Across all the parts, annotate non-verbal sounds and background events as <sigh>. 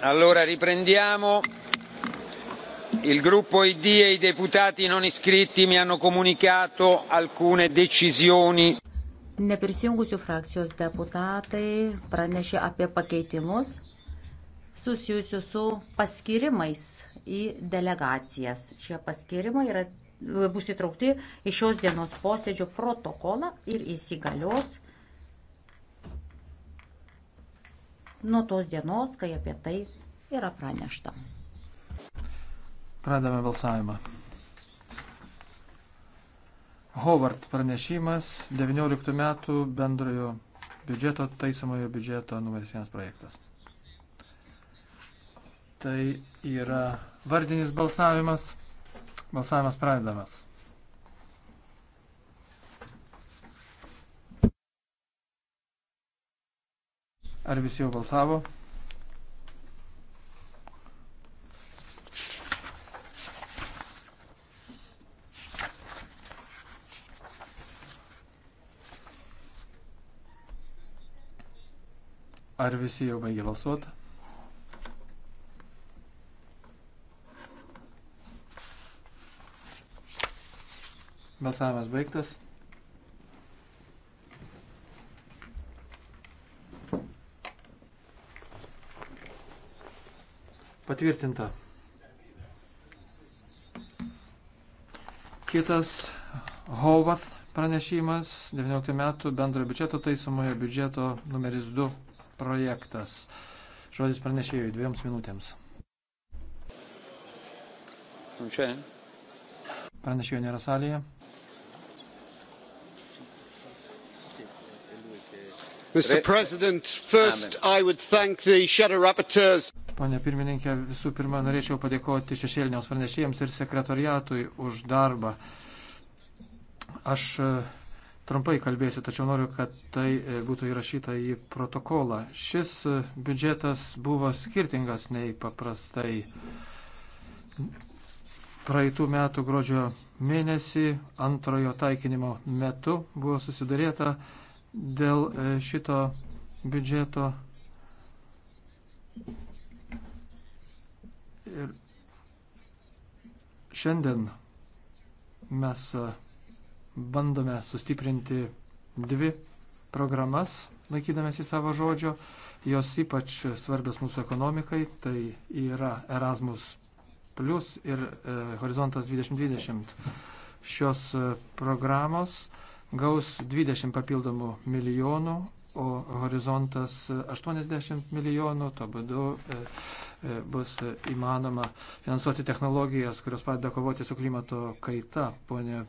allora riprendiamo il gruppo id e i deputati non iscritti mi hanno comunicato alcune decisioni neprisijungusių frakcijos deputatai pranešė apie pakeitimus susijusius su paskirimais į delegacijas. Šie paskirimai yra, bus įtraukti į šios dienos posėdžio protokolą ir įsigalios nuo tos dienos, kai apie tai yra pranešta. Pradame balsavimą. Howard pranešimas 19 metų bendrojo biudžeto taisomojo biudžeto numeris 1 projektas. Tai yra vardinis balsavimas. Balsavimas pradedamas. Ar visi jau balsavo? Ar visi jau baigė balsuoti? Balsavimas baigtas. Patvirtinta. Kitas Hovath pranešimas, 19 metų bendrojo biudžeto taisomojo biudžeto numeris 2 projektas. Žodis pranešėjui dviems minutėms. Čia. Pranešėjo nėra salėje. Mr. President, first I would thank the shadow rapporteurs. Pane pirmininkė, visų pirma, norėčiau padėkoti šešėliniams pranešėjams ir sekretariatui už darbą. Aš e, trumpai kalbėsiu, tačiau noriu, kad tai e, būtų įrašyta į protokolą. Šis e, biudžetas buvo skirtingas nei paprastai. Praeitų metų gruodžio mėnesį antrojo taikinimo metu buvo susidarėta dėl šito biudžeto Ir šiandien mes e, bandome sustiprinti dvi programas, laikydamėsi savo žodžio. Jos ypač svarbios mūsų ekonomikai, tai yra Erasmus Plus ir e, Horizontas 2020. Šios e, programos gaus 20 papildomų milijonų, o Horizontas 80 e, milijonų, to būdu e, E, bus įmanoma finansuoti technologijas, kurios padeda kovoti su klimato kaita. Pone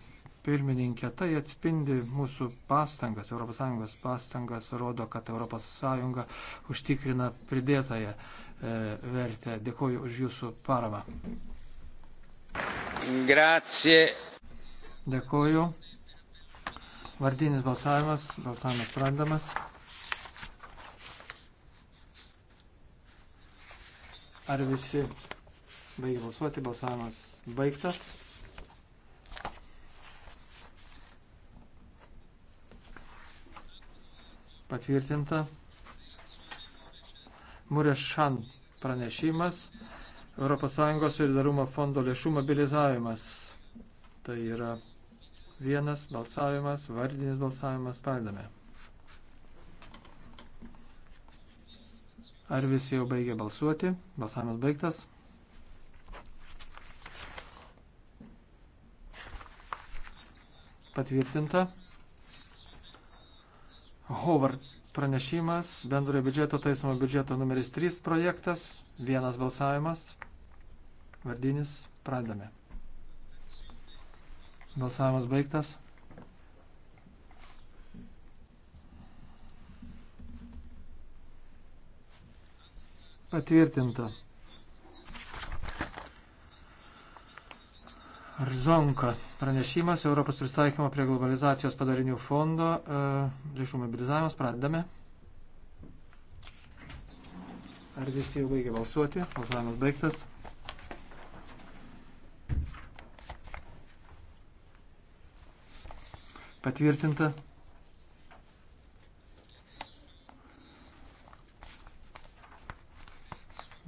pirmininkė, tai atspindi mūsų pastangas, ES pastangas, rodo, kad ES užtikrina pridėtąją e, vertę. Dėkuoju už jūsų paramą. Grazie. Dėkuoju. Vardinis balsavimas, balsavimas sprendamas. Ar visi baigė balsuoti? Balsavimas baigtas. Patvirtinta. Murešan pranešimas. ES solidarumo fondo lėšų mobilizavimas. Tai yra vienas balsavimas, vardinis balsavimas, pradame. Ar visi jau baigė balsuoti? Balsavimas baigtas. Patvirtinta. Howard pranešimas, bendrojo biudžeto taisomo biudžeto numeris 3 projektas, vienas balsavimas, vardinis, pradame. Balsavimas baigtas. patvirtinta. Rizonka pranešimas Europos pristaikymo prie globalizacijos padarinių fondo e, lėšų mobilizavimas. Pradedame. Ar visi jau baigė balsuoti? Balsavimas baigtas. Patvirtinta.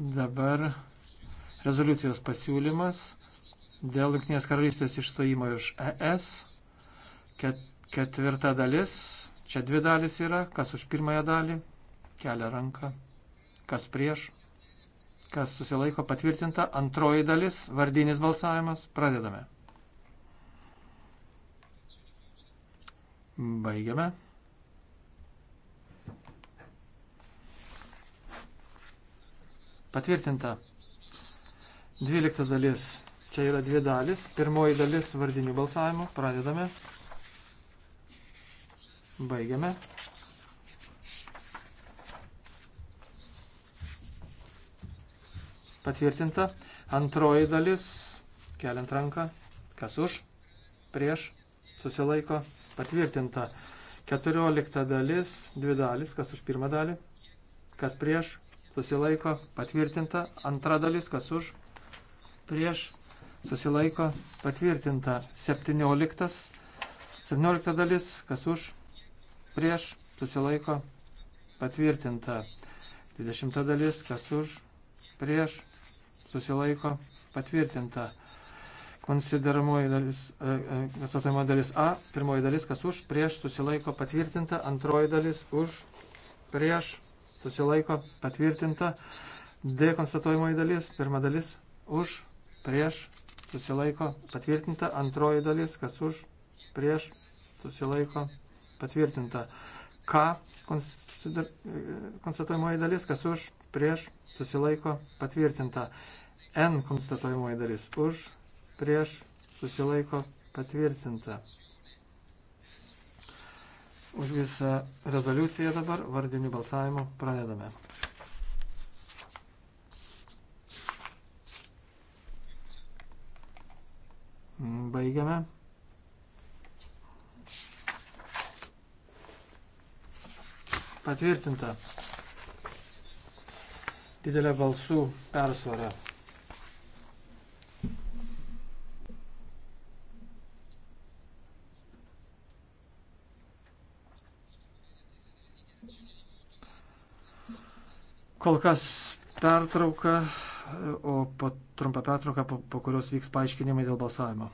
Dabar rezoliucijos pasiūlymas dėl Junktinės karalystės išstojimo iš ES. Ket, ketvirta dalis. Čia dvi dalis yra. Kas už pirmąją dalį? Kelia ranką. Kas prieš? Kas susilaiko patvirtinta? Antroji dalis. Vardinis balsavimas. Pradedame. Baigiame. Patvirtinta. 12 dalis. Čia yra dvi dalis. Pirmoji dalis vardinių balsavimų. Pradedame. Baigiame. Patvirtinta. Antroji dalis. Keliant ranką. Kas už? Prieš. Susilaiko. Patvirtinta. 14 dalis. Dvi dalis. Kas už pirmą dalį? Kas prieš? susilaiko patvirtinta. Antra dalis, kas už, prieš, susilaiko patvirtinta. 17, 17 dalis, kas už, prieš, susilaiko patvirtinta. 20 dalis, kas už, prieš, susilaiko patvirtinta. Konsideramoji dalis, e, e, konstatuojama dalis A, pirmoji dalis, kas už, prieš, susilaiko patvirtinta, antroji dalis už, prieš, susilaiko patvirtinta. D konstatuojamoji dalis, pirma dalis už, prieš, susilaiko patvirtinta. Antroji dalis, kas už, prieš, susilaiko patvirtinta. K konstatuojamoji dalis, kas už, prieš, susilaiko patvirtinta. N konstatuojamoji dalis už, prieš, susilaiko patvirtinta už visą rezoliuciją dabar vardiniu balsavimu pradedame. Baigiame. Patvirtinta didelė balsų persvara. kol kas pertrauka, o po trumpą pertrauką, po, po kurios vyks paaiškinimai dėl balsavimo.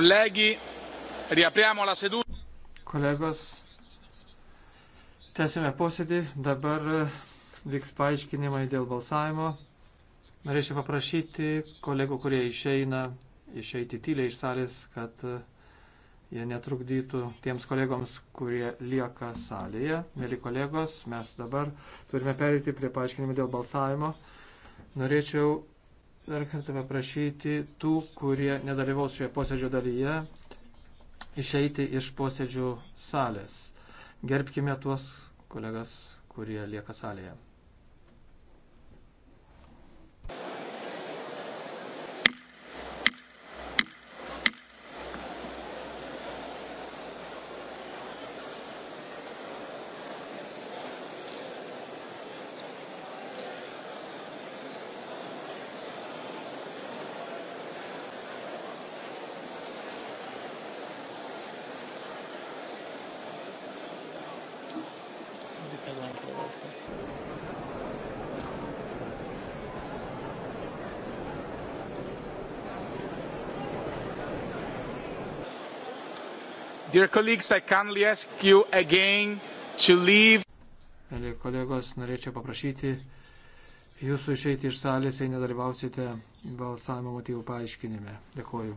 Colleghi, riapriamo la seduta. Kolegos, tęsime posėdį. Dabar e, vyks paaiškinimai dėl balsavimo. Norėčiau paprašyti kolegų, kurie išeina, išeiti tyliai iš salės, kad e, jie netrukdytų tiems kolegoms, kurie lieka salėje. Mėly kolegos, mes dabar turime perėti prie paaiškinimų dėl balsavimo. Norėčiau dar kartą paprašyti tų, kurie nedalyvaus šioje posėdžio dalyje, išeiti iš posėdžių salės. Gerbkime tuos kolegas, kurie lieka salėje. Dear colleagues, I kindly ask you again to leave. Mėly kolegos, norėčiau paprašyti jūsų išeiti iš salės, jei nedalyvausite balsavimo motyvų paaiškinime. Dėkuoju.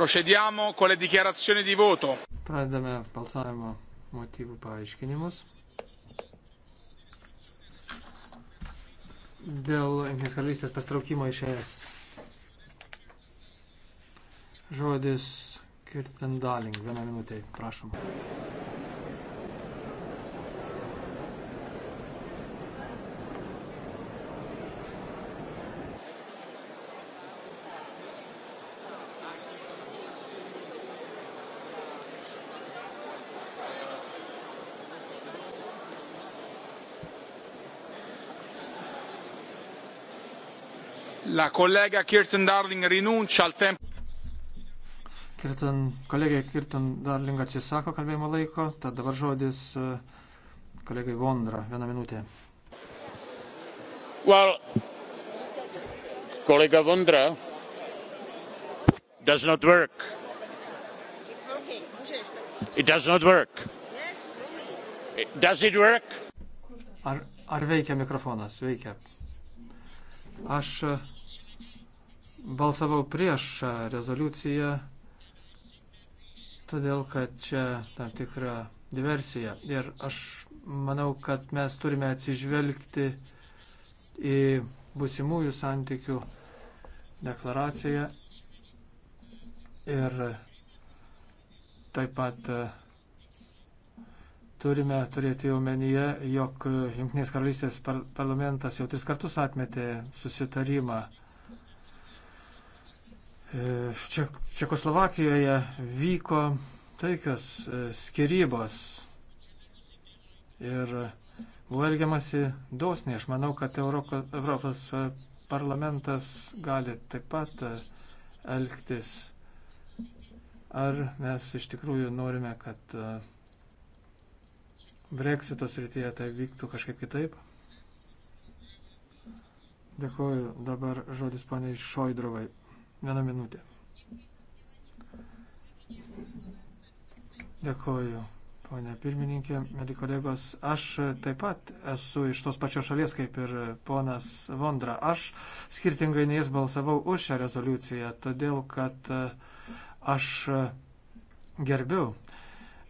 Procediamo con le dichiarazioni di voto. Pradedame balsavimo motyvų paaiškinimus. Dėl Jungtinės karalystės pastraukimo iš ES. Žodis Kirtendaling, vieną minutę, prašom. La collega Kirsten Darling rinuncia al tempo. Kirtan, kolegė Kirtan Darling atsisako kalbėjimo laiko, tad dabar žodis e, kolegai Vondra, vieną minutę. Well, kolega Vondra does not work. It does not work. Does it work? Ar, ar veikia mikrofonas? Veikia. Aš e, balsavau prieš šią rezoliuciją, todėl kad čia tam tikra diversija. Ir aš manau, kad mes turime atsižvelgti į būsimųjų santykių deklaraciją ir taip pat e, turime turėti omenyje, jog Junktinės karalystės parlamentas jau tris kartus atmetė susitarimą E, Čekoslovakijoje vyko taikios e, skirybos ir buvo elgiamasi dosniai. Aš manau, kad Euroko, Europos parlamentas gali taip pat e, elgtis. Ar mes iš tikrųjų norime, kad Brexito srityje tai vyktų kažkaip kitaip? Dėkuoju. Dabar žodis poniai Šoidrovai. Vieną minutę. Dėkoju, ponė pirmininkė, mėly kolegos. Aš taip pat esu iš tos pačios šalies kaip ir ponas Vondra. Aš skirtingai nei jis balsavau už šią rezoliuciją, todėl kad eh, aš eh, gerbiu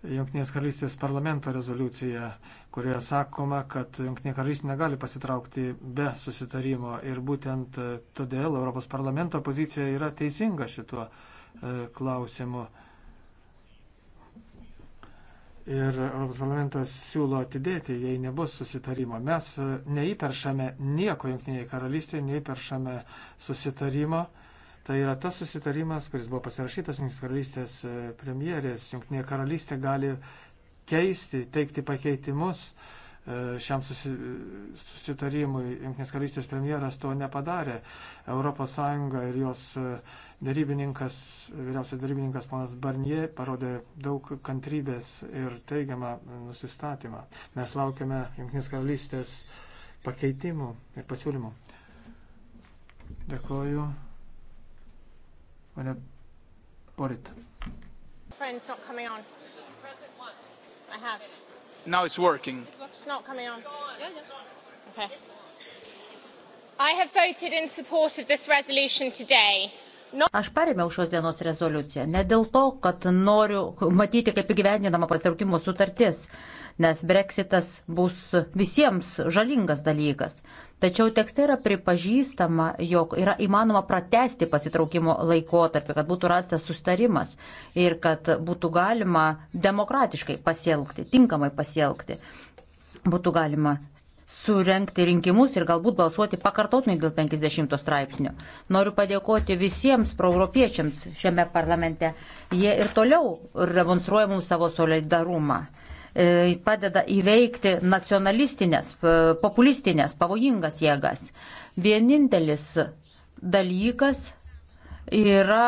Junktinės karalystės parlamento rezoliuciją, kurioje sakoma, kad Junktinė karalystė negali pasitraukti be susitarimo ir būtent e, todėl Europos parlamento pozicija yra teisinga šituo e, klausimu. Ir Europos parlamentas siūlo atidėti, jei nebus susitarimo. Mes e, neįperšame nieko Junktiniai karalystėje, neįperšame susitarimo. Tai yra tas susitarimas, kuris buvo pasirašytas Junktinės karalystės e, premjerės. Junktinė karalystė gali keisti, teikti pakeitimus e, šiam susitarimui. Junktinės karalystės premjeras to nepadarė. ES ir jos e, darybininkas, vyriausias darybininkas ponas Barnier parodė daug kantrybės ir teigiamą nusistatymą. Mes laukiame Junktinės karalystės pakeitimų ir pasiūlymų. Dėkuoju o ne poryt. Phone's not coming on. I have. Now it's working. It's not coming on. Yeah, yeah. Okay. I have voted in support of this resolution today. Aš paremiau šios dienos rezoliuciją ne dėl to, kad noriu matyti, kaip įgyvendinama pasitraukimo sutartis, nes breksitas bus visiems žalingas dalykas. Tačiau tekste yra pripažįstama, jog yra įmanoma pratesti pasitraukimo laikotarpį, kad būtų rastas sustarimas ir kad būtų galima demokratiškai pasielgti, tinkamai pasielgti. Būtų galima surenkti rinkimus ir galbūt balsuoti pakartotinai dėl 50 straipsnio. Noriu padėkoti visiems proeuropiečiams šiame parlamente. Jie ir toliau demonstruoja mums savo solidarumą. E, padeda įveikti nacionalistinės, e, populistinės, pavojingas jėgas. Vienintelis dalykas yra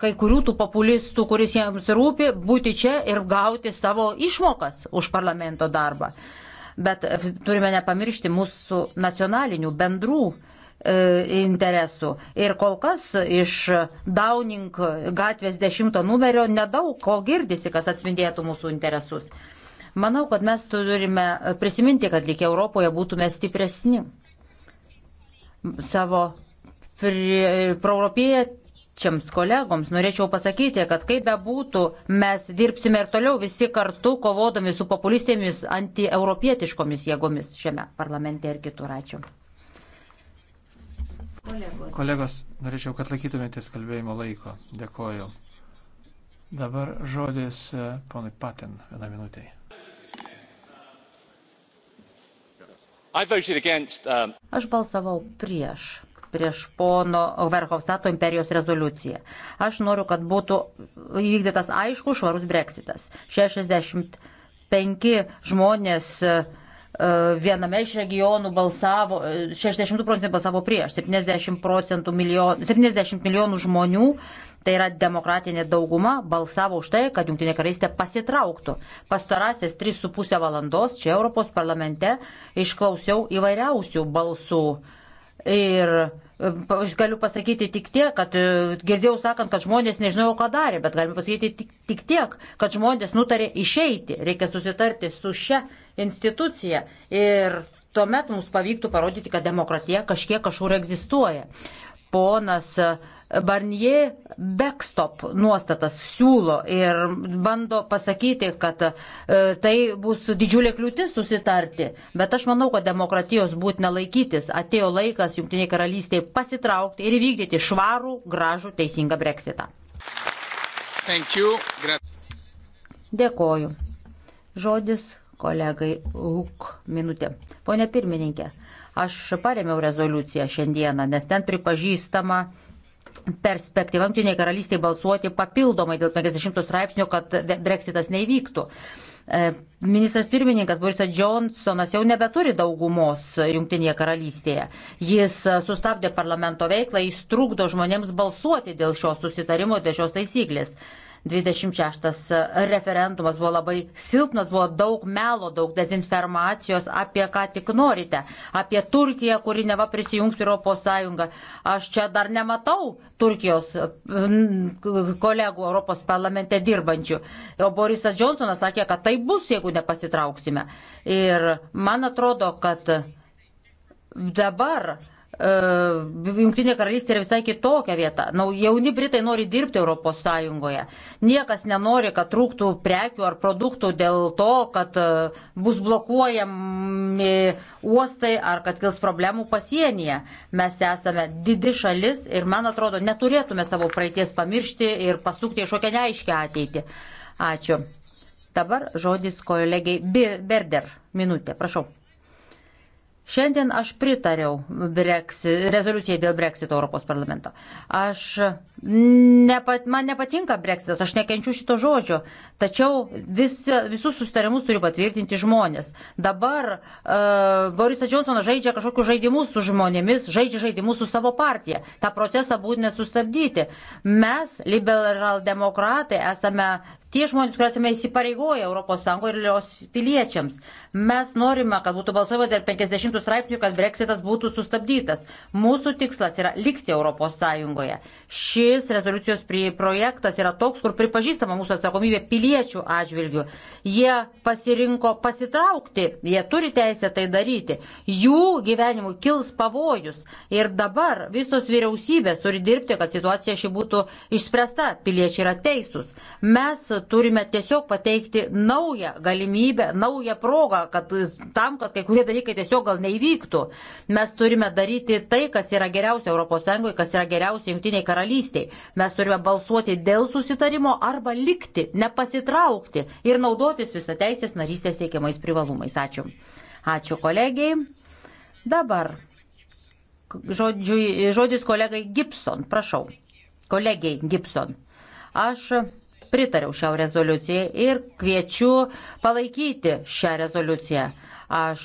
kai kurių tų populistų, kuris jiems rūpi, būti čia ir gauti savo išmokas už parlamento darbą. Bet turime nepamiršti mūsų nacionalinių bendrų e, interesų. Ir kol kas iš Downing gatvės dešimto numerio nedaug ko girdisi, kas atspindėtų mūsų interesus. Manau, kad mes turime prisiminti, kad lyg Europoje būtume stipresni. Savo proeuropiečiams kolegoms norėčiau pasakyti, kad kaip be būtų, mes dirbsime ir toliau visi kartu kovodami su populistėmis antieuropietiškomis jėgomis šiame parlamente ir kitur. Ačiū. Kolegos. Kolegos, norėčiau, kad laikytumėtės kalbėjimo laiko. Dėkoju. Dabar žodis e, ponui Patin vieną minutę. Against, um... Aš balsavau prieš prieš pono Verhofstato imperijos rezoliuciją. Aš noriu, kad būtų įvykdytas aiškus švarus breksitas. 65 žmonės uh, E, viename iš regionų balsavo, 60 e, procentų balsavo prieš, 70, procentų milijon, 70 milijonų žmonių, tai yra demokratinė dauguma, balsavo už tai, kad Junktinė karalystė pasitrauktų. Pastarąsias 3,5 valandos čia Europos parlamente išklausiau įvairiausių balsų. Ir Aš galiu pasakyti tik tiek, kad e, girdėjau sakant, kad žmonės nežinojo, ką darė, bet galime pasakyti tik, tik tiek, kad žmonės nutarė išeiti, reikia susitarti su šia institucija ir tuomet mums pavyktų parodyti, kad demokratija kažkiek kažkur egzistuoja ponas Barnie backstop nuostatas siūlo ir bando pasakyti, kad e, tai bus didžiulė kliūtis susitarti. Bet aš manau, kad demokratijos būtina laikytis. Atėjo laikas Junktiniai karalystiai pasitraukti ir vykdyti švarų, gražų, teisingą breksitą. Dėkoju. Žodis kolegai Huk minutė. Pone pirmininkė, Aš paremiau rezoliuciją šiandieną, nes ten pripažįstama perspektyva Junktinėje karalystėje balsuoti papildomai dėl 50 straipsnio, kad breksitas neįvyktų. E, ministras pirmininkas Borisas Johnsonas jau nebeturi daugumos Junktinėje karalystėje. Jis sustabdė parlamento veiklą, jis trukdo žmonėms balsuoti dėl šios susitarimo, dėl šios taisyklės. 26 e, referendumas buvo labai silpnas, buvo daug melo, daug dezinformacijos apie ką tik norite, apie Turkiją, kuri neva prisijungs prie Europos Sąjungą. Aš čia dar nematau Turkijos kolegų Europos parlamente dirbančių. O Borisas Johnsonas sakė, kad tai bus, jeigu nepasitrauksime. Ir man atrodo, kad dabar E, Junktinė karalystė yra visai kitokia vieta. Na, jauni Britai nori dirbti Europos Sąjungoje. Niekas nenori, kad trūktų prekių ar produktų dėl to, kad e, bus blokuojami uostai ar kad kils problemų pasienyje. Mes esame didi šalis ir, man atrodo, neturėtume savo praeities pamiršti ir pasukti į šokią neaiškę ateitį. Ačiū. Dabar žodis kolegiai Berder. Minutė, prašau. Šiandien aš pritariau breksi, rezoliucijai dėl breksito Europos parlamento. Aš nepat, man nepatinka breksitas, aš nekenčiu šito žodžio, tačiau vis, visus sustarimus turi patvirtinti žmonės. Dabar uh, Borisas Džonsonas žaidžia kažkokius žaidimus su žmonėmis, žaidžia žaidimus su savo partija. Ta procesą būtina sustabdyti. Mes, liberaldemokratai, esame tie žmonės, kuriuos mes įsipareigoję ES ir jos piliečiams. Mes norime, kad būtų balsuojama dėl 50 straipsnių, kad breksitas būtų sustabdytas. Mūsų tikslas yra likti ES. Šis rezoliucijos projektas yra toks, kur pripažįstama mūsų atsakomybė piliečių atžvilgių. Jie pasirinko pasitraukti, jie turi teisę tai daryti. Jų gyvenimui kils pavojus. Ir dabar visos vyriausybės turi dirbti, kad situacija ši būtų išspręsta. Piliečiai yra teisūs. Mes turime tiesiog pateikti naują galimybę, naują progą, kad tam, kad kai kurie dalykai tiesiog gal neįvyktų. Mes turime daryti tai, kas yra geriausia ES, kas yra geriausia Junktiniai karalystiai. Mes turime balsuoti dėl susitarimo arba likti, nepasitraukti ir naudotis visą teisės narystės teikiamais privalumais. Ačiū. Ačiū kolegiai. Dabar žodžiu, žodis kolegai Gibson, prašau. Kolegiai Gibson. Aš pritariau šią rezoliuciją ir kviečiu palaikyti šią rezoliuciją. Aš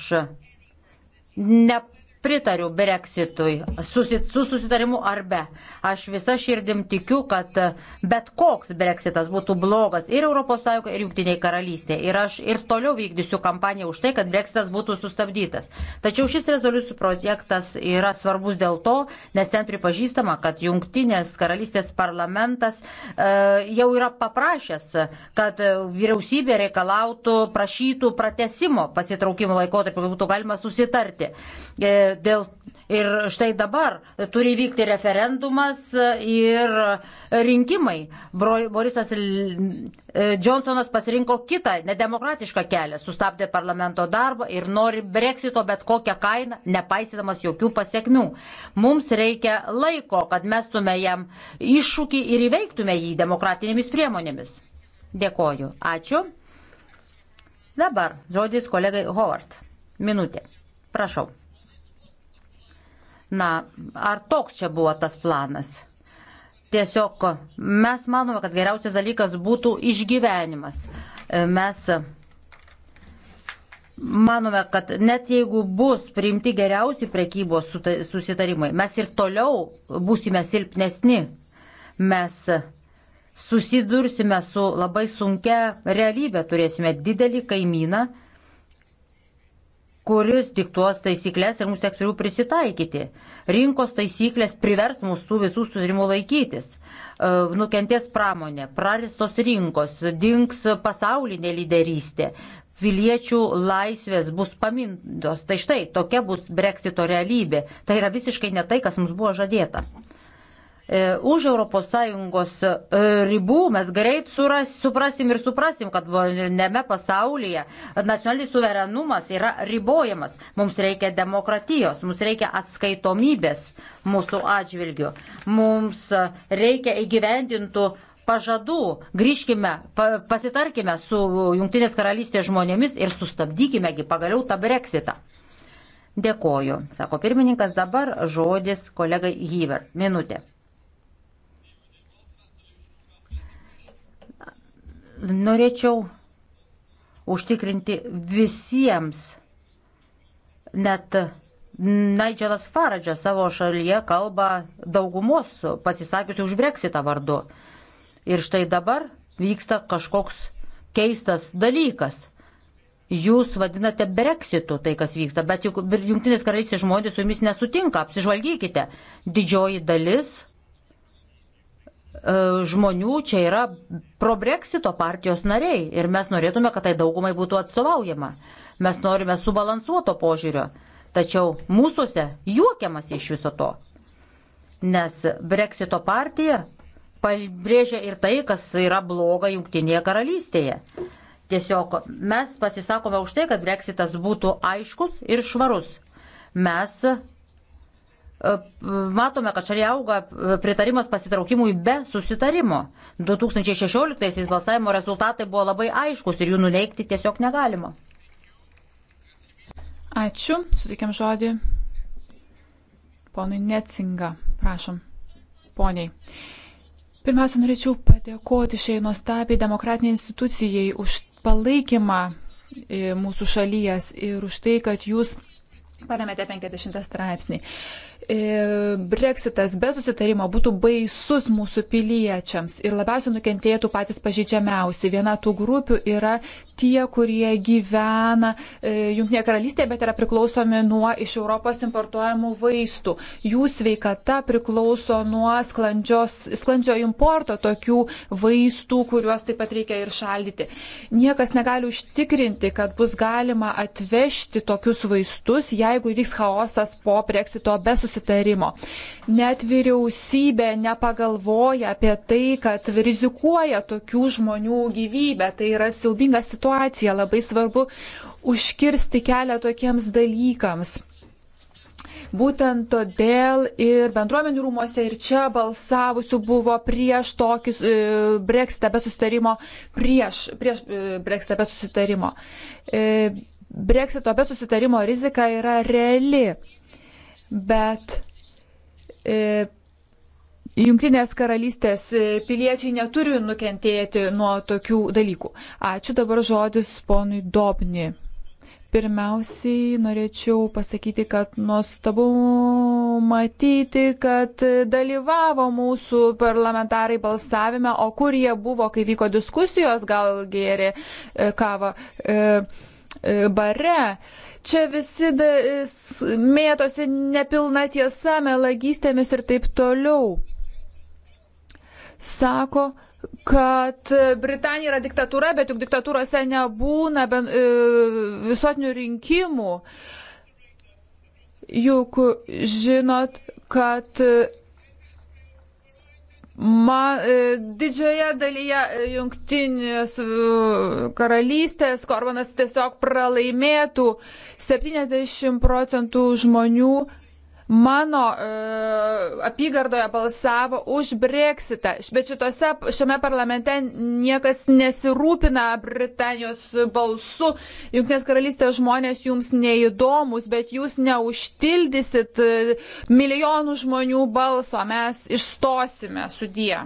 ne pritariu Brexitui, susit, su susitarimu ar be. Aš visą širdim tikiu, kad e, bet koks Brexitas būtų blogas ir ES, ir Junktiniai karalystė. Ir aš ir toliau vykdysiu kampaniją už tai, kad Brexitas būtų sustabdytas. Tačiau šis rezoliucijų projektas yra svarbus dėl to, nes ten pripažįstama, kad Junktinės karalystės parlamentas e, jau yra paprašęs, kad vyriausybė reikalautų, prašytų pratesimo pasitraukimo laikotarpio, kad būtų galima susitarti. E, dėl Ir štai dabar turi vykti referendumas ir rinkimai. Borisas e, Johnsonas pasirinko kitą nedemokratišką kelią, sustabdė parlamento darbą ir nori breksito bet kokią kainą, nepaisydamas jokių pasiekmių. Mums reikia laiko, kad mestume jam iššūkį ir įveiktume jį demokratinėmis priemonėmis. Dėkoju. Ačiū. Dabar žodis kolegai Howard. Minutė. Prašau. Na, ar toks čia buvo tas planas? Tiesiog mes manome, kad geriausias dalykas būtų išgyvenimas. E, mes manome, kad net jeigu bus priimti geriausi prekybos susitarimai, mes ir toliau būsime silpnesni. Mes susidursime su labai sunkia realybė, turėsime didelį kaimyną kuris diktuos taisyklės ir mums teks prie jų prisitaikyti. Rinkos taisyklės privers mūsų visų sutarimų laikytis. E, Nukenties pramonė, praristos rinkos, dinks pasaulinė lyderystė, piliečių laisvės bus pamintos. Tai štai tokia bus breksito realybė. Tai yra visiškai ne tai, kas mums buvo žadėta. E, už ES e, ribų mes greit suras, suprasim ir suprasim, kad neme pasaulyje nacionalinis suverenumas yra ribojamas. Mums reikia demokratijos, mums reikia atskaitomybės mūsų atžvilgių, mums reikia įgyvendintų pažadų, grįžkime, pa, pasitarkime su Junktinės karalystės žmonėmis ir sustabdykimegi pagaliau tą breksitą. Dėkoju, sako pirmininkas, dabar žodis kolegai Hyver. Minutė. Norėčiau užtikrinti visiems, net Nigelas Faradžas savo šalyje kalba daugumos pasisakiusi už breksitą vardu. Ir štai dabar vyksta kažkoks keistas dalykas. Jūs vadinate breksitu tai, kas vyksta, bet juk jungtinės karalystės žmonės su jumis nesutinka, apsižvalgykite. Didžioji dalis E, žmonių čia yra pro-Brexito partijos nariai ir mes norėtume, kad tai daugumai būtų atstovaujama. Mes norime subalansuoto požiūrio, tačiau mūsųse juokiamas iš viso to, nes Brexito partija pabrėžia ir tai, kas yra bloga Junktinėje karalystėje. Tiesiog mes pasisakome už tai, kad breksitas būtų aiškus ir švarus. Mes E, matome, kad šalia auga pritarimas pasitraukimui be susitarimo. 2016-aisiais balsavimo rezultatai buvo labai aiškus ir jų nuneikti tiesiog negalima. Ačiū. Sutikiam žodį. Ponui Netsinga, prašom. Poniai. Pirmiausia, norėčiau padėkoti šiai nuostabiai demokratiniai institucijai už palaikymą e, mūsų šalies ir už tai, kad jūs paremėte 50 straipsnį. E, Brexitas be susitarimo būtų baisus mūsų piliečiams ir labiausiai nukentėtų patys pažeidžiamiausi. Viena tų grupių yra tie, kurie gyvena e, Junktinėje karalystėje, bet yra priklausomi nuo iš Europos importuojamų vaistų. Jų sveikata priklauso nuo sklandžio importo tokių vaistų, kuriuos taip pat reikia ir šaldyti. Niekas negali užtikrinti, kad bus galima atvežti tokius vaistus, jeigu įvyks chaosas po Brexito be susitarimo susitarimo. Net vyriausybė nepagalvoja apie tai, kad rizikuoja tokių žmonių gyvybę. Tai yra siaubinga situacija. Labai svarbu užkirsti kelią tokiems dalykams. Būtent todėl ir bendruomenių rūmose, ir čia balsavusių buvo prieš tokį e, breksitą be susitarimo, prieš, prieš e, breksitą be susitarimo. E, Brexito be susitarimo rizika yra reali bet e, Junktinės karalystės e, piliečiai neturi nukentėti nuo tokių dalykų. Ačiū dabar žodis ponui Dobni. Pirmiausiai norėčiau pasakyti, kad nuostabu matyti, kad dalyvavo mūsų parlamentarai balsavime, o kur jie buvo, kai vyko diskusijos, gal gėrė e, kavą e, bare čia visi da, mėtosi nepilna tiesa, melagystėmis ir taip toliau. Sako, kad Britanija yra diktatūra, bet juk diktatūrose nebūna ben, e, visotinių rinkimų. Juk žinot, kad Ma, e, didžioje dalyje e, jungtinės e, karalystės Korvanas tiesiog pralaimėtų 70 procentų žmonių Mano e, apygardoje balsavo už breksitą, bet šitose, šiame parlamente niekas nesirūpina Britanijos balsu. Junktinės karalystės žmonės jums neįdomus, bet jūs neužtildysit e, milijonų žmonių balso, mes išstosime su die.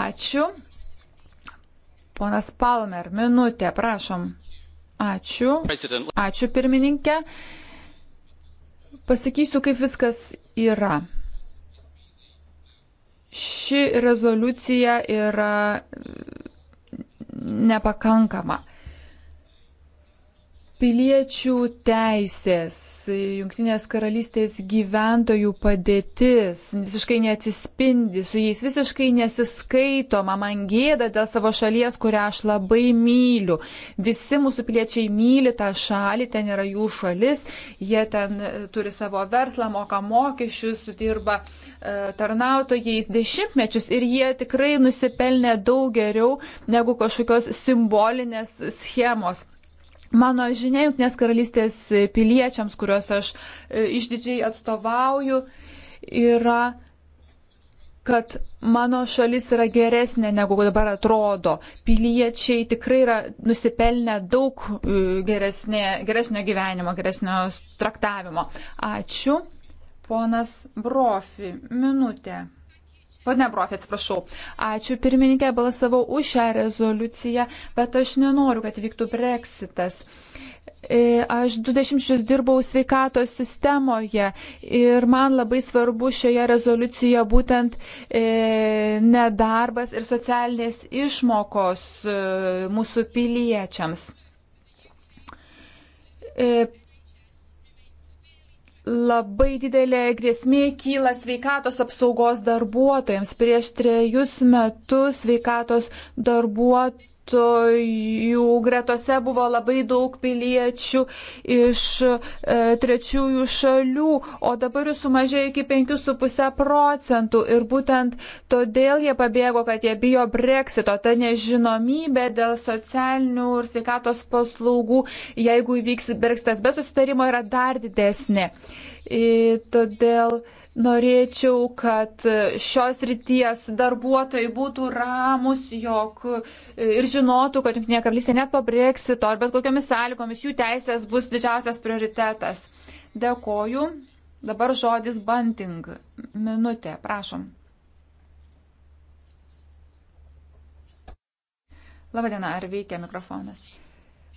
Ačiū. Ponas Palmer, minutė, prašom. Ačiū. Ačiū pirmininkė. Pasakysiu, kaip viskas yra. Ši rezoliucija yra nepakankama. Piliečių teisės, Junktinės karalystės gyventojų padėtis visiškai neatsispindi, su jais visiškai nesiskaitoma, man gėda dėl savo šalies, kurią aš labai myliu. Visi mūsų piliečiai myli tą šalį, ten yra jų šalis, jie ten e, turi savo verslą, moka mokesčius, dirba e, tarnautojais dešimtmečius ir jie tikrai nusipelnė daug geriau negu kažkokios simbolinės schemos Mano žinia Junktinės karalystės piliečiams, kuriuos aš e, išdidžiai atstovauju, yra kad mano šalis yra geresnė negu dabar atrodo. Piliečiai tikrai yra nusipelnę daug e, geresnė, geresnio gyvenimo, geresnio traktavimo. Ačiū. Ponas Brofi, minutė. Pane Brofė, atsiprašau. Ačiū pirmininkė, balsavau už šią rezoliuciją, bet aš nenoriu, kad vyktų breksitas. E, aš 20 dirbau sveikatos sistemoje ir man labai svarbu šioje rezoliucijoje būtent e, nedarbas ir socialinės išmokos e, mūsų piliečiams labai didelė grėsmė kyla sveikatos apsaugos darbuotojams. Prieš trejus metus sveikatos darbuotojams kovotojų gretose buvo labai daug piliečių iš e, trečiųjų šalių, o dabar jų sumažėjo iki 5,5 procentų. Ir būtent todėl jie pabėgo, kad jie bijo breksito, ta nežinomybė dėl socialinių ir sveikatos paslaugų, jeigu įvyks breksitas be susitarimo, yra dar didesnė. E, todėl e, Norėčiau, kad šios ryties darbuotojai būtų ramus, jog e, ir žinotų, kad Junktinė karalystė net po Brexito ar bet kokiamis sąlygomis jų teisės bus didžiausias prioritetas. Dėkoju. Dabar žodis banting. Minutė, prašom. Labadiena, ar veikia mikrofonas?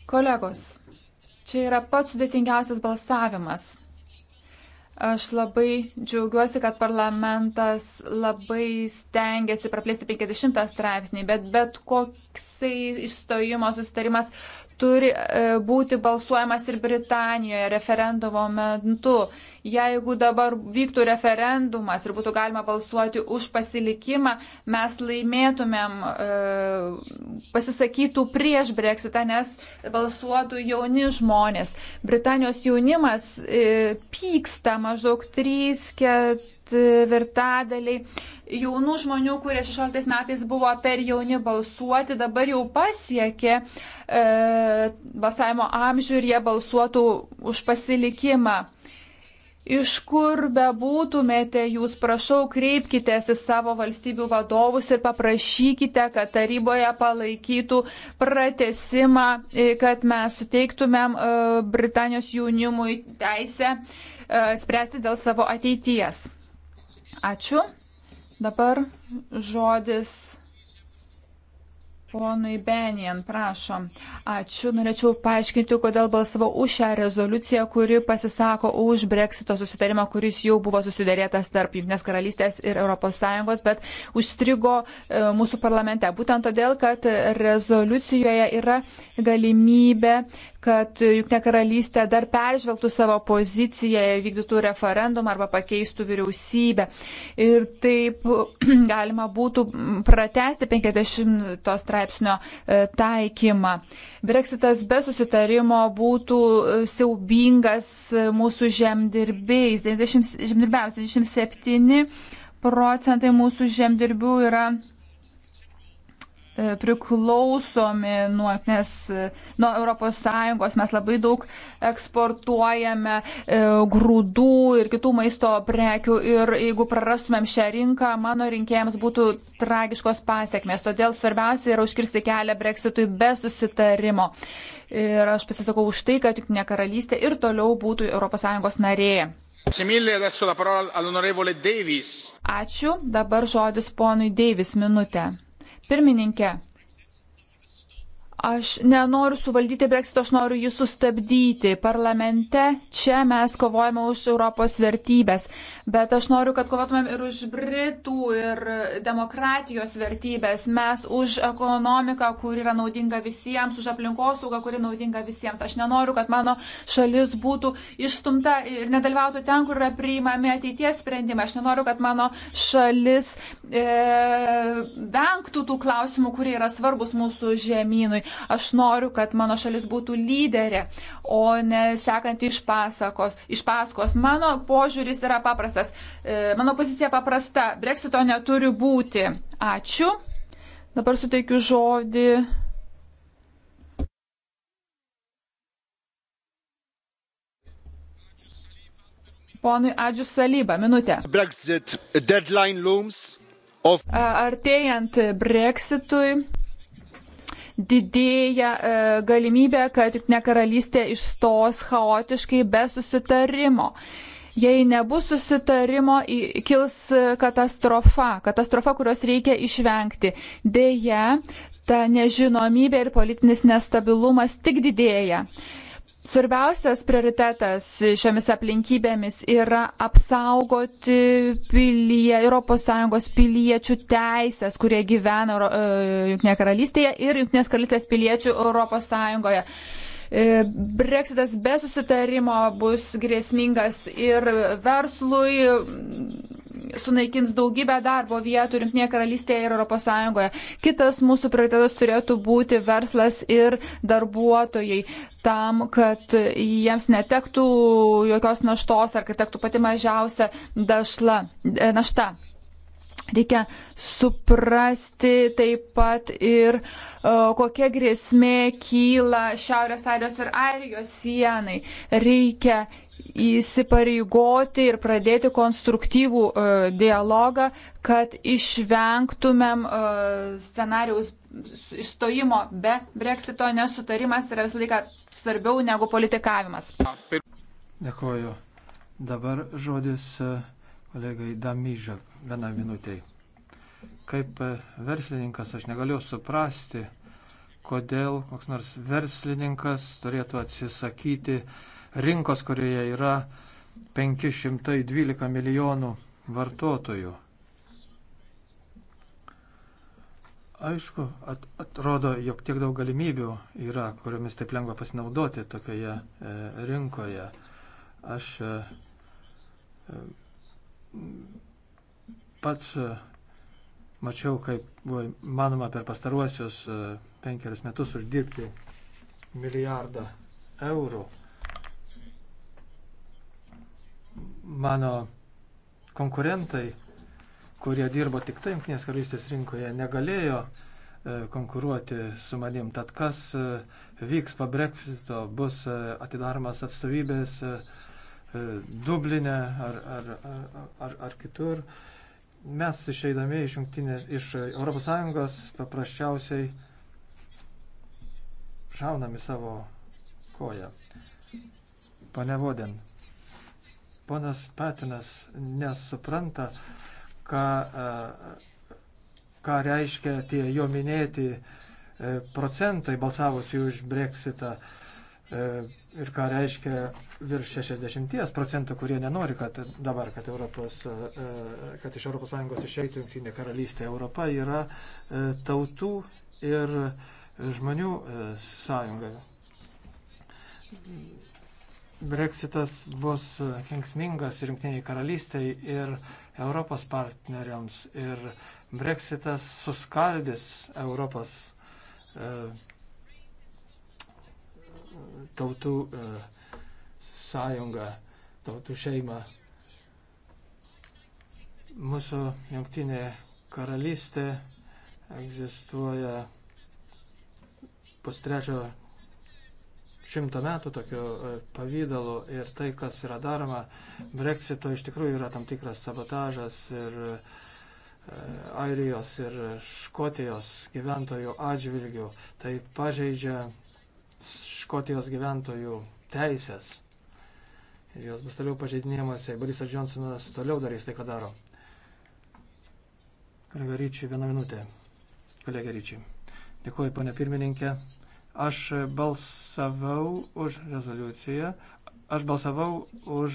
Kolegos, čia yra pats sudėtingiausias balsavimas Aš labai džiaugiuosi, kad parlamentas labai stengiasi praplėsti 50 straipsnį, bet bet koksai išstojimo susitarimas turi e, būti balsuojamas ir Britanijoje referendumo metu. Jeigu dabar vyktų referendumas ir būtų galima balsuoti už pasilikimą, mes laimėtumėm, e, pasisakytų prieš breksitą, nes balsuotų jauni žmonės. Britanijos jaunimas e, pyksta maždaug 3-4 ketvirtadaliai jaunų žmonių, kurie 16 metais buvo per jauni balsuoti, dabar jau pasiekė e, balsavimo amžių ir jie balsuotų už pasilikimą. Iš kur bebūtumėte, jūs prašau kreipkitės į savo valstybių vadovus ir paprašykite, kad taryboje palaikytų pratesimą, e, kad mes suteiktumėm e, Britanijos jaunimui teisę e, spręsti dėl savo ateities. Ačiū. Dabar žodis Ponui Benijan, prašom. Ačiū. Norėčiau paaiškinti, kodėl balsavau už šią rezoliuciją, kuri pasisako už breksito susitarimą, kuris jau buvo susidarėtas tarp Junktinės karalystės ir ES, bet užstrigo e, mūsų parlamente. Būtent todėl, kad rezoliucijoje yra galimybė kad Junktinė karalystė dar peržvelgtų savo poziciją, vykdytų referendumą arba pakeistų vyriausybę. Ir taip <clears throat> galima būtų pratesti 50 straipsnio e, taikymą. Brexitas be susitarimo būtų siaubingas e, mūsų žemdirbėjais. 90, žemdirbiaus 97 procentai mūsų žemdirbių yra E, priklausomi nuo, nes, e, nuo ES mes labai daug eksportuojame e, grūdų ir kitų maisto prekių ir jeigu prarastumėm šią rinką, mano rinkėjams būtų tragiškos pasiekmes. Todėl svarbiausia yra užkirsti kelią breksitui be susitarimo. Ir aš pasisakau už tai, kad tik ne karalystė ir toliau būtų ES narė. Ačiū. Dabar žodis ponui Deivis minutę. Pirmininkė, aš nenoriu suvaldyti breksito, aš noriu jį sustabdyti. Parlamente čia mes kovojame už Europos vertybės. Bet aš noriu, kad kovotumėm ir už Britų, ir demokratijos vertybės. Mes už ekonomiką, kuri yra naudinga visiems, už aplinkosaugą, kuri naudinga visiems. Aš nenoriu, kad mano šalis būtų išstumta ir nedalyvautų ten, kur yra priimami ateities sprendimai. Aš nenoriu, kad mano šalis e, vengtų tų klausimų, kurie yra svarbus mūsų žemynui. Aš noriu, kad mano šalis būtų lyderė, o ne sekanti iš pasakos. Iš paskos. Mano požiūris yra paprastas kompromisas. E, mano pozicija paprasta. Brexito neturi būti. Ačiū. Dabar suteikiu žodį. Ponui Adžiu Salyba, minutė. Brexit deadline looms. Of... Artėjant Brexitui didėja e, galimybė, kad ne karalystė išstos chaotiškai be susitarimo. E, Jei nebus susitarimo, kils katastrofa, katastrofa, kurios reikia išvengti. Deja, ta nežinomybė ir politinis nestabilumas tik didėja. Svarbiausias prioritetas šiomis aplinkybėmis yra apsaugoti pilie, ES piliečių teisės, kurie gyvena e, Junktinėje karalystėje ir Junktinės karalystės piliečių ES. E, Brexitas be susitarimo bus grėsmingas ir verslui mm, sunaikins daugybę darbo vietų Junktinėje karalystėje ir ES. Kitas mūsų prioritetas turėtų būti verslas ir darbuotojai tam, kad jiems netektų jokios naštos ar kad tektų pati mažiausia dašla, e, našta. Reikia suprasti taip pat ir o, e, kokia grėsmė kyla Šiaurės Airijos ir Airijos sienai. Reikia įsipareigoti ir pradėti konstruktyvų o, e, dialogą, kad išvengtumėm o, e, scenarijaus išstojimo be breksito, nes sutarimas yra visą laiką svarbiau negu politikavimas. Dėkuoju. Dabar žodis kolegai Damyžak vieną minutę. Kaip verslininkas aš negaliu suprasti, kodėl koks nors verslininkas turėtų atsisakyti rinkos, kurioje yra 512 milijonų vartotojų. Aišku, at, atrodo, jog tiek daug galimybių yra, kuriomis taip lengva pasinaudoti tokioje e, rinkoje. Aš e, e, Pats e, mačiau, kaip buvo manoma per pastaruosius e, penkerius metus uždirbti milijardą eurų. Mano konkurentai, kurie dirbo tik tai Junktinės karalystės rinkoje, negalėjo e, konkuruoti su manim. Tad kas vyks po Brexito, bus atidaromas atstovybės Dublinė ar, ar, ar, ar, ar kitur. Mes išeidami iš, jungtinės, iš ES paprasčiausiai šaunami savo koją. Pane Voden, ponas Patinas nesupranta, ką, ką reiškia tie jo minėti e, procentai balsavusių už Brexitą. E, ir ką reiškia virš 60 procentų, kurie nenori, kad dabar, kad, Europos, e, kad iš ES išeitų Junktinė karalystė. Europa yra e, tautų ir žmonių sąjunga. Brexitas bus kengsmingas ir Junktiniai karalystiai ir Europos partneriams ir Brexitas suskaldys Europos. E, tautų e, sąjungą, tautų šeimą. Mūsų jungtinė karalystė egzistuoja pustrečio šimto metų tokiu e, pavydalu ir tai, kas yra daroma Brexito, iš tikrųjų yra tam tikras sabotažas ir e, Airijos ir Škotijos gyventojų atžvilgių. Tai pažeidžia Škotijos gyventojų teisės. Ir jos bus toliau pažeidinėjamas, jei Borisas Johnsonas toliau darys tai, ką daro. Kolega Ryčiai, vieną minutę. Kolega Ryčiai. Dėkuoju, ponė pirmininkė. Aš balsavau už rezoliuciją. Aš balsavau už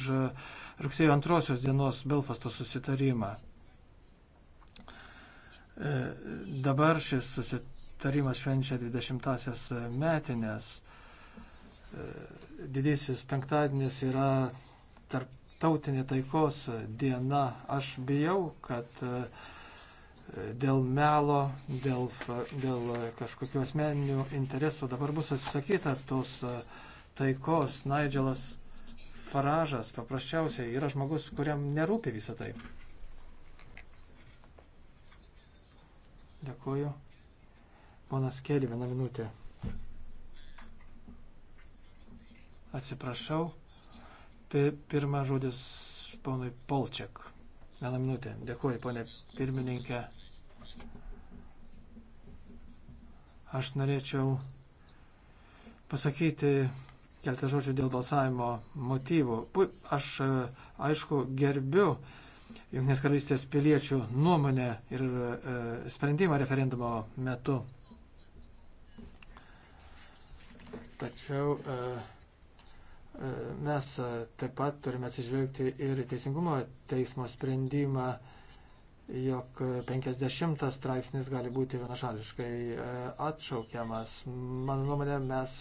rugsėjo antrosios dienos Belfasto susitarimą. E, dabar šis susitarimas sutarimas švenčia 20-asias metinės. Didysis penktadienis yra tarptautinė taikos diena. Aš bijau, kad e, dėl melo, dėl, dėl kažkokių asmeninių interesų dabar bus atsisakyta tos e, taikos. Naidželas Faražas paprasčiausiai yra žmogus, kuriam nerūpi visą tai. Dėkuoju. Ponas Keli, vieną minutę. Atsiprašau. Pirma žodis ponui Polčiak. Vieną minutę. Dėkuoju, ponė pirmininkė. Aš norėčiau pasakyti keltą žodžių dėl balsavimo motyvų. Aš, e, aišku, gerbiu Junknės karalystės piliečių nuomonę ir e, sprendimą referendumo metu. Tačiau e, e, mes e, taip pat turime atsižvelgti ir teisingumo teismo sprendimą, jog 50 straipsnis gali būti vienašališkai atšaukiamas. Mano nuomonė, mes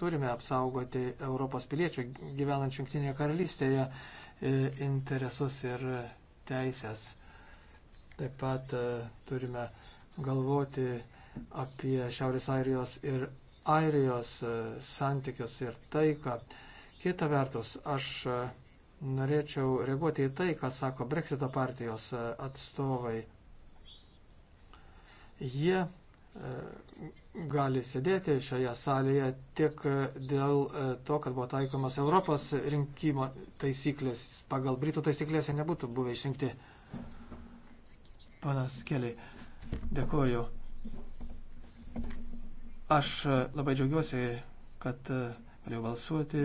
turime apsaugoti Europos piliečių gyvenančių Junktinėje karalystėje interesus ir teisės. Taip pat turime galvoti apie Šiaurės Airijos ir Airijos e, santykius ir taiką. Kita vertus, aš e, norėčiau reaguoti į tai, ką sako Brexito partijos e, atstovai. Jie gali sėdėti šioje salėje tik dėl to, kad buvo taikomas Europos rinkimo taisyklės. Pagal Britų taisyklės jie nebūtų buvę išrinkti. Panas Keliai, dėkoju. Aš e, labai džiaugiuosi, kad e, galėjau balsuoti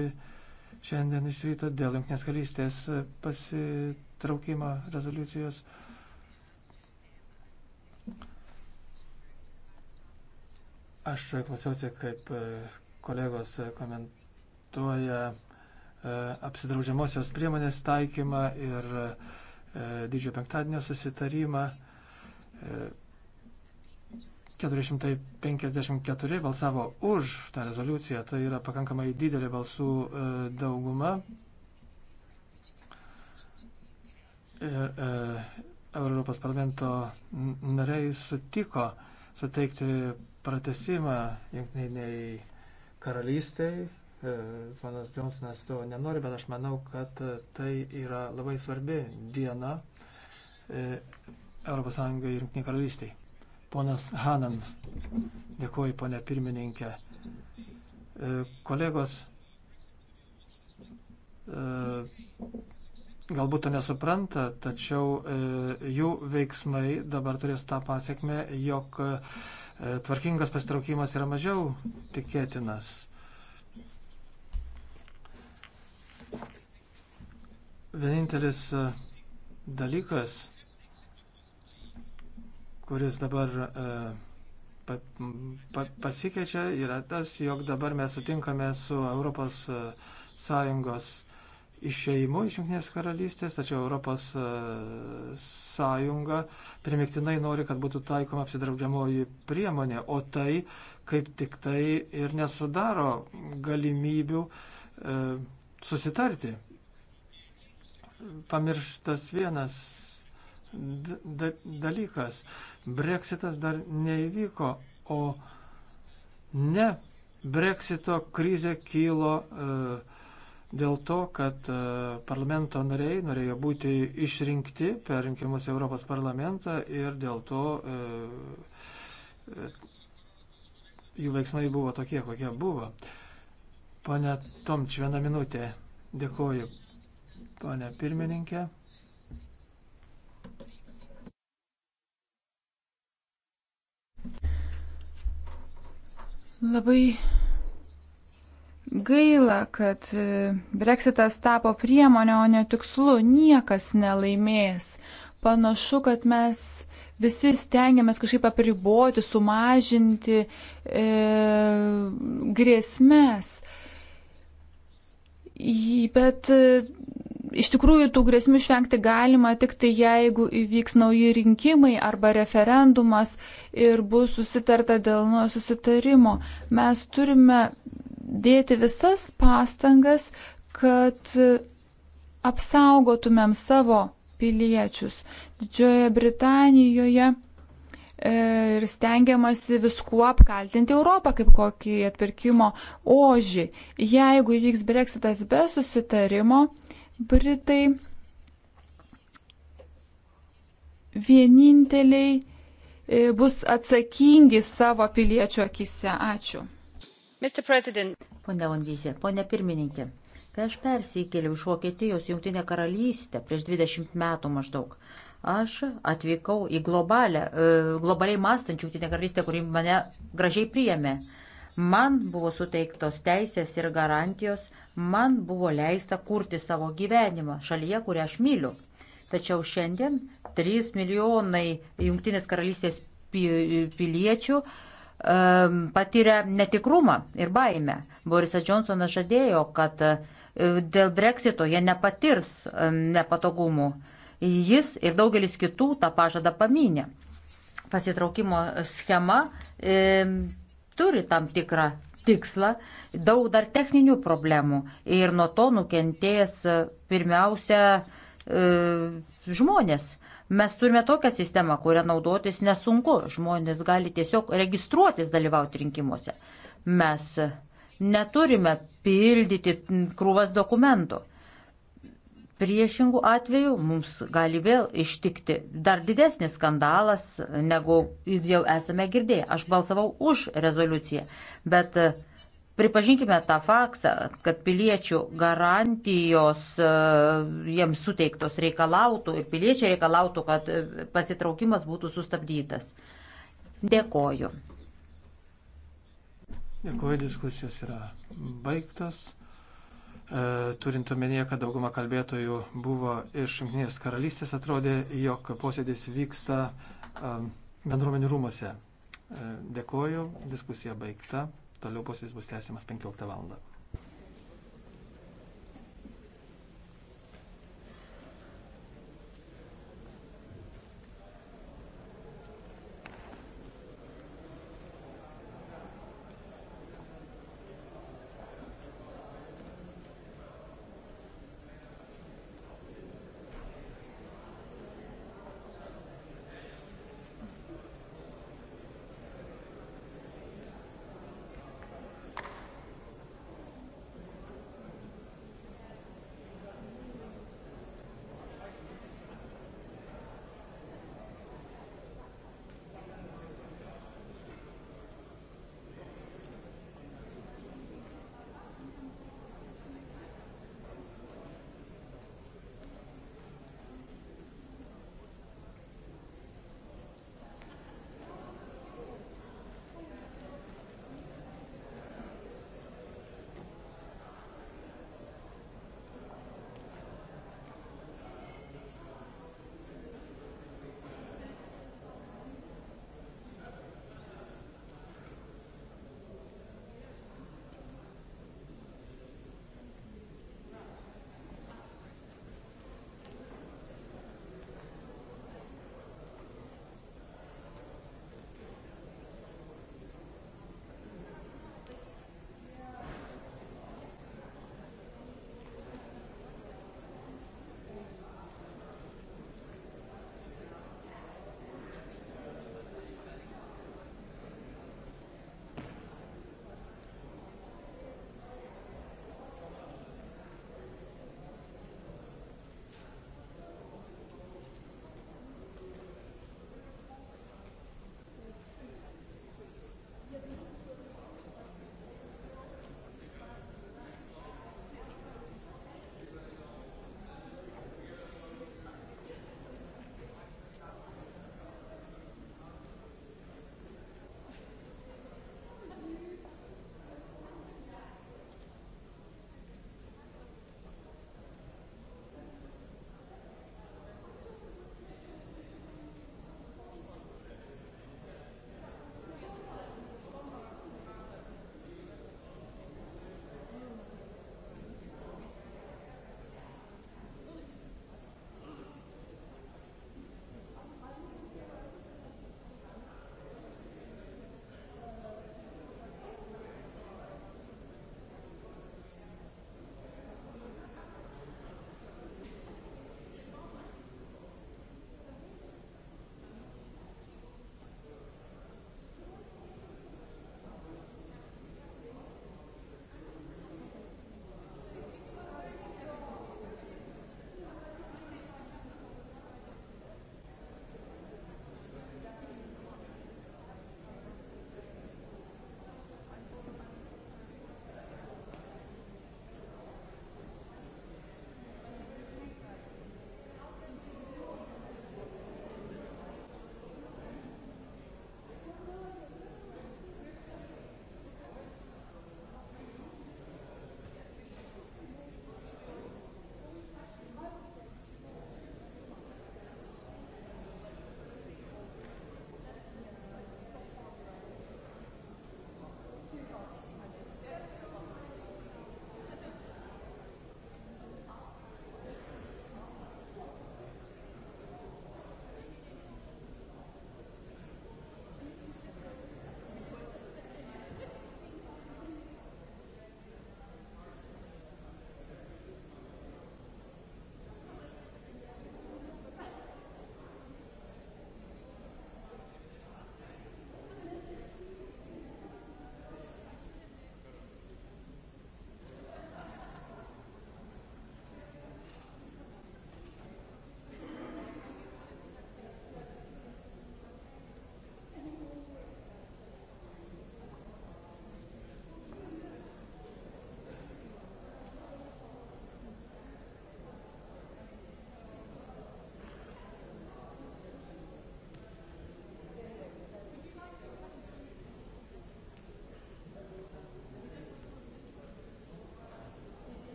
šiandien iš ryto dėl Junktinės karalystės e, pasitraukimo rezoliucijos. Aš klausiausi, kaip kolegos komentuoja apsidraudžiamosios priemonės taikymą ir didžiojo penktadienio susitarimą. 454 balsavo už tą rezoliuciją, tai yra pakankamai didelė balsų e, dauguma. Ir e, e, Europos parlamento nariai sutiko suteikti pratesimą jungtiniai karalystiai. E, ponas Johnsonas to nenori, bet aš manau, kad tai yra labai svarbi diena ES ir jungtiniai karalystiai. Ponas Hanan, dėkuoju, ponė pirmininkė. E, kolegos, e, galbūt to nesupranta, tačiau e, jų veiksmai dabar turės tą pasiekmę, jog tvarkingas pasitraukimas yra mažiau tikėtinas. Vienintelis dalykas, kuris dabar e, pa, pa, pasikeičia, yra tas, jog dabar mes sutinkame su Europos e, Sąjungos išeimu iš Junktinės karalystės, tačiau Europos e, Sąjunga primiktinai nori, kad būtų taikoma apsidraudžiamoji priemonė, o tai kaip tik tai ir nesudaro galimybių e, susitarti. Pamirštas vienas dalykas. Brexitas dar neįvyko, o ne Brexito krizė kylo e, dėl to, kad e, parlamento nariai norėjo būti išrinkti per rinkimus Europos parlamentą ir dėl to e, jų veiksmai buvo tokie, kokie buvo. Pane Tomč, vieną minutę. Dėkoju, pane pirmininkė. Labai gaila, kad e, breksitas tapo priemonė, o ne tikslu. Niekas nelaimės. Panašu, kad mes visi stengiamės kažkaip apriboti, sumažinti e, grėsmės. Bet iš tikrųjų tų grėsmių išvengti galima tik tai jeigu įvyks nauji rinkimai arba referendumas ir bus susitarta dėl nuo susitarimo. Mes turime dėti visas pastangas, kad apsaugotumėm savo piliečius. Didžiojoje Britanijoje e, ir stengiamasi viskuo apkaltinti Europą kaip kokį atpirkimo ožį. Jeigu įvyks breksitas be susitarimo, Britai vieninteliai e, bus atsakingi savo piliečių akise. Ačiū. Pone Vandyzė, pone pirmininkė, kai aš persikėliau iš Vokietijos Junktinę karalystę prieš 20 metų maždaug, aš atvykau į globalę, e, globaliai mąstančią Junktinę karalystę, kuri mane gražiai priėmė. Man buvo suteiktos teisės ir garantijos, man buvo leista kurti savo gyvenimą šalyje, kurią aš myliu. Tačiau šiandien 3 milijonai Junktinės karalystės piliečių um, patiria netikrumą ir baimę. Borisas Johnsonas žadėjo, kad e, dėl breksito jie nepatirs e, nepatogumų. Jis ir daugelis kitų tą pažadą paminė. Pasitraukimo schema e, turi tam tikrą tikslą, daug dar techninių problemų ir nuo to nukentėjęs e, pirmiausia e, žmonės. Mes turime tokią sistemą, kurią naudotis nesunku. Žmonės gali tiesiog registruotis dalyvauti rinkimuose. Mes neturime pildyti krūvas dokumentų. Priešingų atvejų mums gali vėl ištikti dar didesnis skandalas, negu jau esame girdėję. Aš balsavau už rezoliuciją, bet e, pripažinkime tą faktą, kad piliečių garantijos e, jiems suteiktos reikalautų ir piliečiai reikalautų, kad e, pasitraukimas būtų sustabdytas. Dėkoju. Dėkoju, diskusijos yra baigtos. E, turint omenyje, kad dauguma kalbėtojų buvo iš Junktinės karalystės, atrodė, jog posėdis vyksta e, bendruomenių rūmose. E, dėkoju, diskusija baigta, toliau posėdis bus tęsiamas 15 val.